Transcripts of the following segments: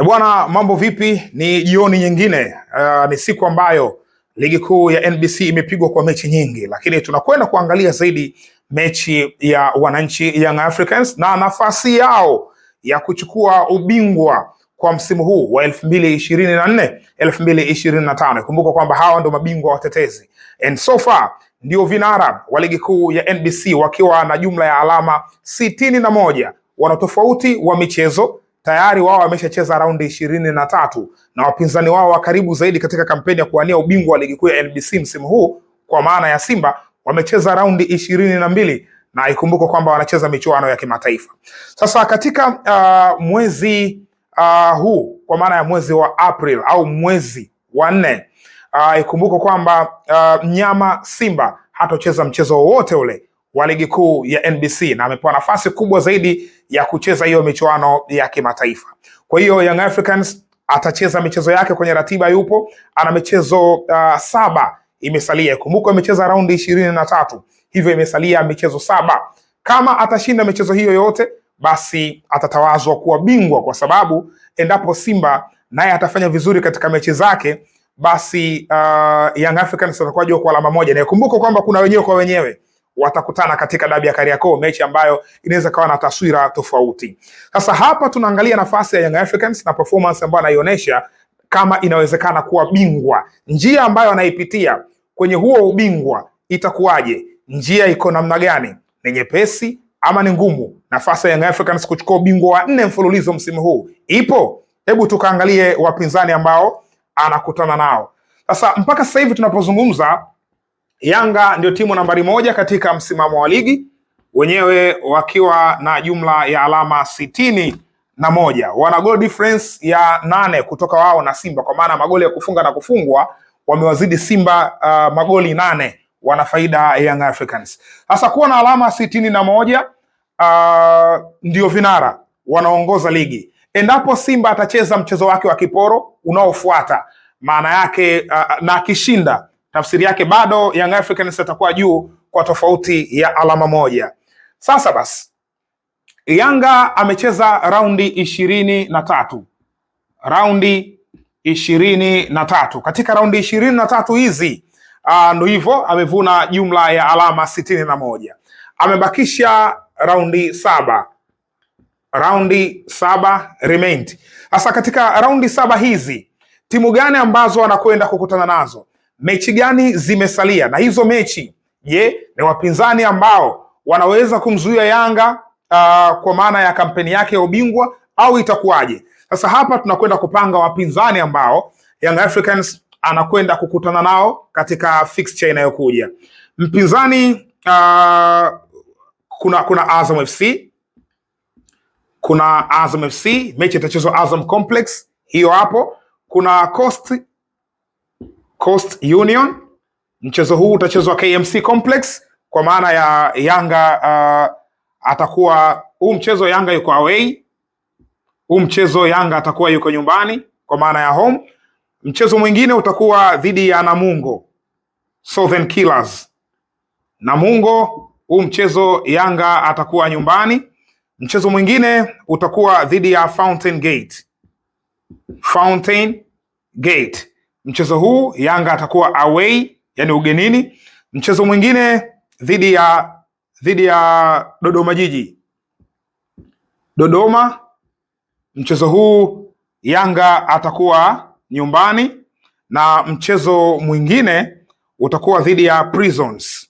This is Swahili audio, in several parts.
Eh, bwana, mambo vipi? Ni jioni nyingine. Uh, ni siku ambayo ligi kuu ya NBC imepigwa kwa mechi nyingi, lakini tunakwenda kuangalia zaidi mechi ya wananchi Young Africans na nafasi yao ya kuchukua ubingwa kwa msimu huu wa 2024 2025. Kumbuka kwamba hawa ndio mabingwa watetezi and so far ndio vinara wa ligi kuu ya NBC wakiwa na jumla ya alama sitini na moja, wana tofauti wa michezo tayari wao wameshacheza raundi ishirini na tatu na wapinzani wao wa karibu zaidi katika kampeni ya kuwania ubingwa wa ligi kuu ya NBC msimu huu kwa maana ya Simba wamecheza raundi ishirini na mbili na ikumbukwe kwamba wanacheza michuano ya kimataifa. Sasa katika uh, mwezi uh, huu kwa maana ya mwezi wa April au mwezi wa nne uh, ikumbukwe kwamba uh, mnyama Simba hatocheza mchezo wowote ule wa ligi kuu ya NBC na amepewa nafasi kubwa zaidi ya kucheza hiyo michuano ya kimataifa. Kwa hiyo Young Africans atacheza michezo yake kwenye ratiba, yupo ana michezo uh, saba imesalia. Kumbuka amecheza raundi ishirini na tatu, hivyo imesalia michezo saba. Kama atashinda michezo hiyo yote, basi atatawazwa kuwa bingwa, kwa sababu endapo Simba naye atafanya vizuri katika mechi zake, basi uh, Young Africans atakuwa juu kwa alama moja, na kumbuka kwamba kuna wenyewe kwa wenyewe watakutana katika dabi ya Kariakoo, mechi ambayo inaweza kawa na taswira tofauti. Sasa hapa tunaangalia nafasi ya Young Africans na performance ambayo anaionyesha kama inawezekana kuwa bingwa, njia ambayo anaipitia kwenye huo ubingwa itakuwaje? Njia iko namna gani? Ni nyepesi ama ni ngumu? Nafasi ya Young Africans kuchukua ubingwa wa nne mfululizo msimu huu ipo? Hebu tukaangalie wapinzani ambao anakutana nao sasa. Mpaka sasa hivi tunapozungumza Yanga ndio timu nambari moja katika msimamo wa ligi wenyewe wakiwa na jumla ya alama sitini na moja. Wana goal difference ya nane kutoka wao na Simba, kwa maana magoli ya kufunga na kufungwa wamewazidi Simba uh, magoli nane. Wana faida Young Africans. Sasa kuwa na alama sitini na moja uh, ndio vinara, wanaongoza ligi. Endapo Simba atacheza mchezo wake wa kiporo unaofuata, maana yake uh, na akishinda tafsiri yake bado Young Africans atakuwa juu kwa tofauti ya alama moja. Sasa basi, Yanga amecheza raundi ishirini na tatu raundi ishirini na tatu Katika raundi ishirini na tatu hizi ah, ndo hivyo amevuna jumla ya alama sitini na moja amebakisha raundi saba raundi saba remained. Sasa katika raundi saba hizi timu gani ambazo anakwenda kukutana nazo? mechi gani zimesalia, na hizo mechi je, ni wapinzani ambao wanaweza kumzuia Yanga uh, kwa maana ya kampeni yake ya ubingwa au itakuwaje? Sasa hapa tunakwenda kupanga wapinzani ambao Young Africans anakwenda kukutana nao katika fixture inayokuja. Mpinzani uh, kuna kuna Azam FC, kuna Azam FC, mechi itachezwa Azam Complex, hiyo hapo. Kuna Coast Coast Union. Mchezo huu utachezwa KMC Complex kwa maana ya Yanga uh, atakuwa huu mchezo Yanga yuko away, huu mchezo Yanga atakuwa yuko nyumbani kwa maana ya home. Mchezo mwingine utakuwa dhidi ya Namungo Southern Killers. Namungo, huu mchezo Yanga atakuwa nyumbani. Mchezo mwingine utakuwa dhidi ya Fountain Gate. Fountain Gate. Mchezo huu Yanga atakuwa away, yani ugenini. Mchezo mwingine dhidi ya dhidi ya Dodoma Jiji, Dodoma. Mchezo huu Yanga atakuwa nyumbani, na mchezo mwingine utakuwa dhidi ya Prisons.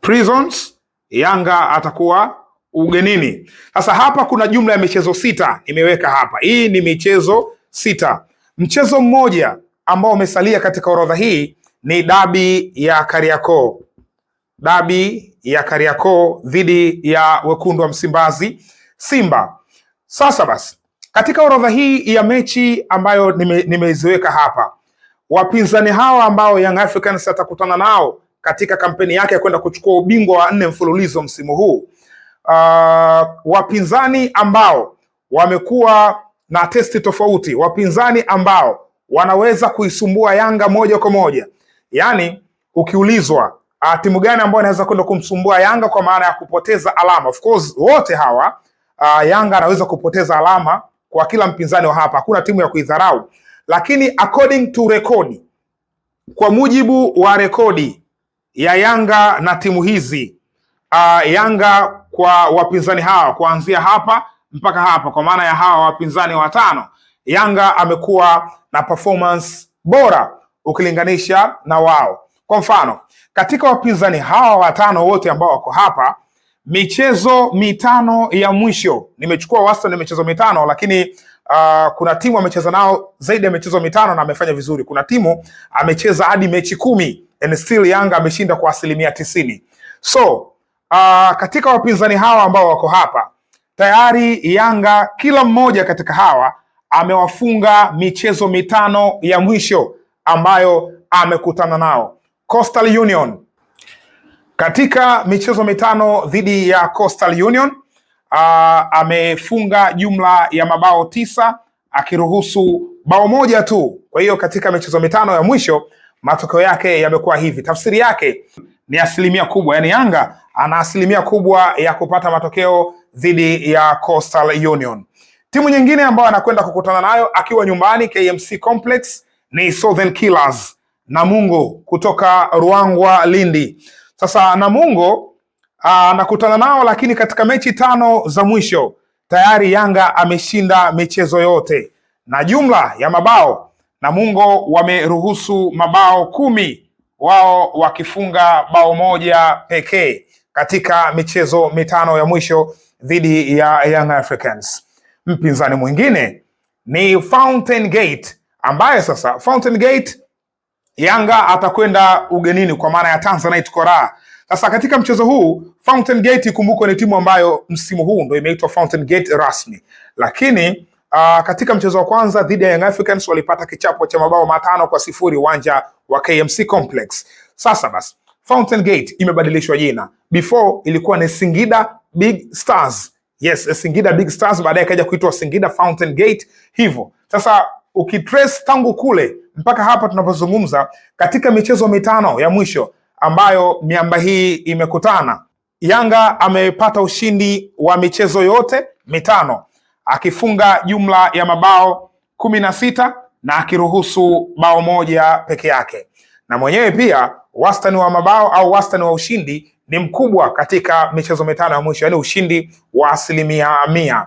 Prisons, Yanga atakuwa ugenini. Sasa hapa kuna jumla ya michezo sita imeweka hapa, hii ni michezo sita. Mchezo mmoja ambao umesalia katika orodha hii ni dabi ya Kariakoo, dabi ya Kariakoo dhidi ya wekundu wa Msimbazi, Simba. Sasa basi, katika orodha hii ya mechi ambayo nimeziweka hapa, wapinzani hawa ambao Young Africans atakutana nao katika kampeni yake ya kwenda kuchukua ubingwa wa nne mfululizo msimu huu, uh, wapinzani ambao wamekuwa na testi tofauti, wapinzani ambao wanaweza kuisumbua Yanga moja kwa moja. Yaani ukiulizwa ah, timu gani ambayo inaweza kwenda kumsumbua Yanga kwa maana ya kupoteza alama, of course wote hawa uh, Yanga anaweza kupoteza alama kwa kila mpinzani wa hapa, hakuna timu ya kuidharau, lakini according to rekodi, kwa mujibu wa rekodi ya Yanga na timu hizi uh, Yanga kwa wapinzani hawa kuanzia hapa mpaka hapa, kwa maana ya hawa wapinzani watano, Yanga amekuwa na performance bora ukilinganisha na wao. Kwa mfano, katika wapinzani hawa watano wote ambao wako hapa, michezo mitano ya mwisho, nimechukua wastani michezo mitano, lakini uh, kuna timu amecheza nao zaidi ya michezo mitano na amefanya vizuri. Kuna timu amecheza hadi mechi kumi and still Yanga ameshinda kwa asilimia tisini. So uh, katika wapinzani hawa ambao wako hapa tayari Yanga kila mmoja katika hawa amewafunga michezo mitano ya mwisho ambayo amekutana nao. Coastal Union katika michezo mitano dhidi ya Coastal Union uh, amefunga jumla ya mabao tisa akiruhusu bao moja tu. Kwa hiyo katika michezo mitano ya mwisho matokeo yake yamekuwa hivi. Tafsiri yake ni asilimia kubwa, yaani Yanga ana asilimia kubwa ya kupata matokeo dhidi ya Coastal Union. Timu nyingine ambayo anakwenda kukutana nayo akiwa nyumbani KMC Complex ni Southern Killers Namungo kutoka Ruangwa Lindi. Sasa Namungo ah, anakutana nao, lakini katika mechi tano za mwisho tayari Yanga ameshinda michezo yote na jumla ya mabao Namungo wameruhusu mabao kumi wao wakifunga bao moja pekee katika michezo mitano ya mwisho dhidi ya Young Africans. Mpinzani mwingine ni Fountain Gate ambaye sasa Fountain Gate Yanga atakwenda ugenini kwa maana ya Tanzanite Kora. Sasa katika mchezo huu Fountain Gate, ikumbukwe ni timu ambayo msimu huu ndio imeitwa Fountain Gate rasmi, lakini Uh, katika mchezo wa kwanza dhidi ya Young Africans walipata kichapo cha mabao matano kwa sifuri uwanja wa KMC Complex. Sasa basi Fountain Gate imebadilishwa jina. Before ilikuwa ni Singida Big Stars. Yes, Singida Big Stars baadaye ikaja kuitwa Singida Fountain Gate hivyo. Sasa ukitrace tangu kule mpaka hapa tunapozungumza katika michezo mitano ya mwisho ambayo miamba hii imekutana, Yanga amepata ushindi wa michezo yote mitano akifunga jumla ya mabao kumi na sita na akiruhusu bao moja peke yake, na mwenyewe pia wastani wa mabao au wastani wa ushindi ni mkubwa katika michezo mitano ya mwisho, yaani ushindi wa asilimia mia.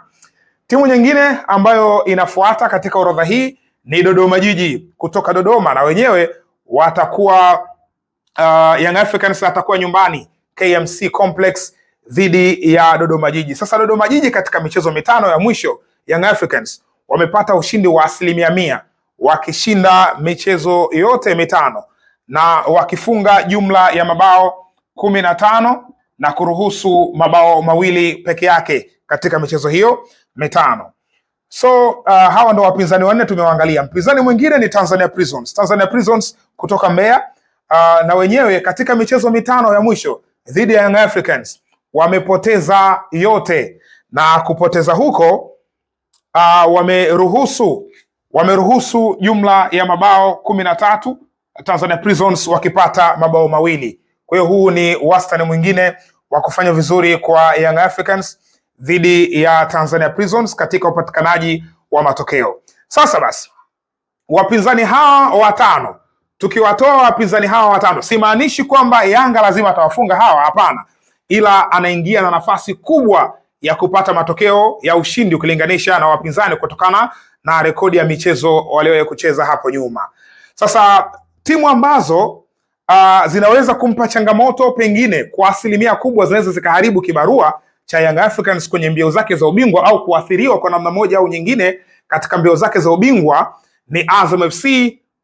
Timu nyingine ambayo inafuata katika orodha hii ni Dodoma Jiji kutoka Dodoma, na wenyewe watakuwa uh, Young Africans atakuwa nyumbani KMC Complex dhidi ya Dodoma Jiji. Sasa Dodoma Jiji katika michezo mitano ya mwisho Young Africans wamepata ushindi wa asilimia mia wakishinda michezo yote mitano na wakifunga jumla ya mabao kumi na tano na kuruhusu mabao mawili peke yake katika michezo hiyo mitano. So uh, hawa ndo wapinzani wanne tumewaangalia. Mpinzani mwingine ni Tanzania Prisons. Tanzania Prisons kutoka Mbeya uh, na wenyewe katika michezo mitano ya mwisho dhidi ya Young Africans wamepoteza yote, na kupoteza huko uh, wameruhusu wameruhusu jumla ya mabao kumi na tatu Tanzania Prisons wakipata mabao mawili. Kwa hiyo huu ni wastani mwingine wa kufanya vizuri kwa Young Africans dhidi ya Tanzania Prisons katika upatikanaji wa matokeo. Sasa basi, wapinzani hawa watano, tukiwatoa wapinzani hawa watano, simaanishi kwamba Yanga lazima atawafunga hawa, hapana, ila anaingia na nafasi kubwa ya kupata matokeo ya ushindi ukilinganisha na wapinzani kutokana na rekodi ya michezo waliowahi kucheza hapo nyuma. Sasa timu ambazo uh, zinaweza kumpa changamoto pengine kwa asilimia kubwa zinaweza zikaharibu kibarua cha Young Africans kwenye mbio zake za ubingwa au kuathiriwa kwa namna moja au nyingine katika mbio zake za ubingwa ni Azam FC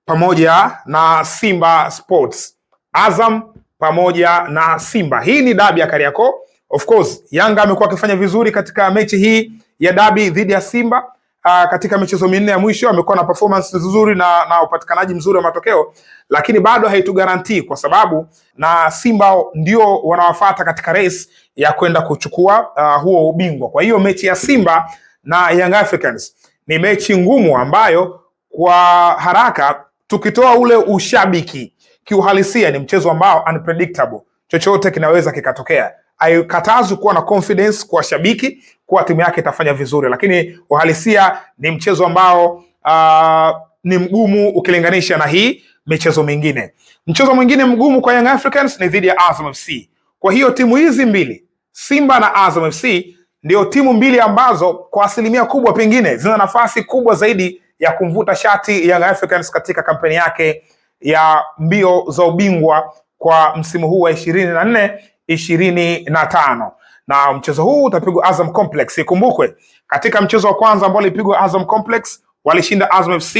pamoja na Simba Sports. Azam pamoja na Simba. Hii ni dabi ya Kariakoo. Of course, Yanga amekuwa akifanya vizuri katika mechi hii ya dabi dhidi ya Simba. Aa, ah, katika michezo minne ya mwisho amekuwa na performance nzuri na, na upatikanaji mzuri wa matokeo, lakini bado haitugaranti kwa sababu na Simba ndio wanawafata katika race ya kwenda kuchukua uh, huo ubingwa. Kwa hiyo mechi ya Simba na Young Africans ni mechi ngumu ambayo kwa haraka tukitoa ule ushabiki kiuhalisia ni mchezo ambao unpredictable, chochote kinaweza kikatokea. Haikatazi kuwa na confidence kwa shabiki kuwa timu yake itafanya vizuri, lakini uhalisia ni mchezo ambao uh, ni mgumu ukilinganisha na hii michezo mingine. Mchezo mwingine mgumu kwa Young Africans ni dhidi ya Azam FC. Kwa hiyo timu hizi mbili, Simba na Azam FC, ndio timu mbili ambazo kwa asilimia kubwa pengine zina nafasi kubwa zaidi ya kumvuta shati Young Africans katika kampeni yake ya mbio za ubingwa kwa msimu huu wa ishirini na nne ishirini na tano na mchezo huu utapigwa Azam Complex. Ikumbukwe katika mchezo wa kwanza ambao ulipigwa Azam Complex, walishinda Azam FC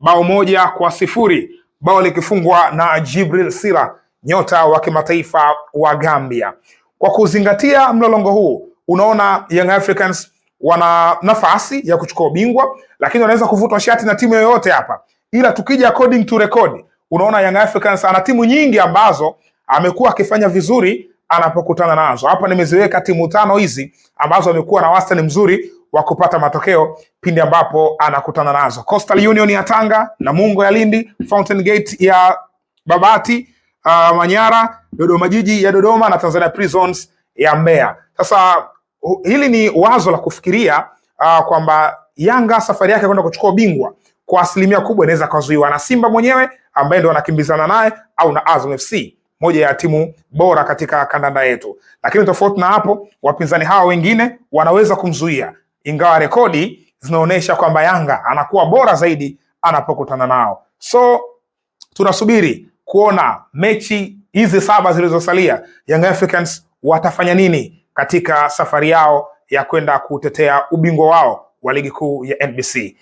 bao moja kwa sifuri, bao likifungwa na Jibril Sira, nyota wa kimataifa wa Gambia. Kwa kuzingatia mlolongo huu, unaona Young Africans wana nafasi ya kuchukua ubingwa, lakini wanaweza kuvutwa shati na timu yoyote hapa, ila tukija according to record unaona Young Africans ana timu nyingi ambazo amekuwa akifanya vizuri anapokutana nazo. Hapa nimeziweka timu tano hizi ambazo amekuwa na wastani mzuri wa kupata matokeo pindi ambapo anakutana nazo: Coastal Union ya Tanga, Namungo ya Lindi, Fountain Gate ya Babati, uh, Manyara, Dodoma Jiji ya Dodoma na Tanzania Prisons ya Mbeya. Sasa hili ni wazo la kufikiria uh, kwamba Yanga safari yake kwenda kuchukua ubingwa kwa asilimia kubwa inaweza kazuiwa na Simba mwenyewe ambaye ndo anakimbizana naye au na Azam FC, moja ya timu bora katika kandanda yetu. Lakini tofauti na hapo, wapinzani hawa wengine wanaweza kumzuia, ingawa rekodi zinaonyesha kwamba Yanga anakuwa bora zaidi anapokutana nao. So tunasubiri kuona mechi hizi saba zilizosalia, Young Africans watafanya nini katika safari yao ya kwenda kutetea ubingwa wao wa ligi kuu ya NBC.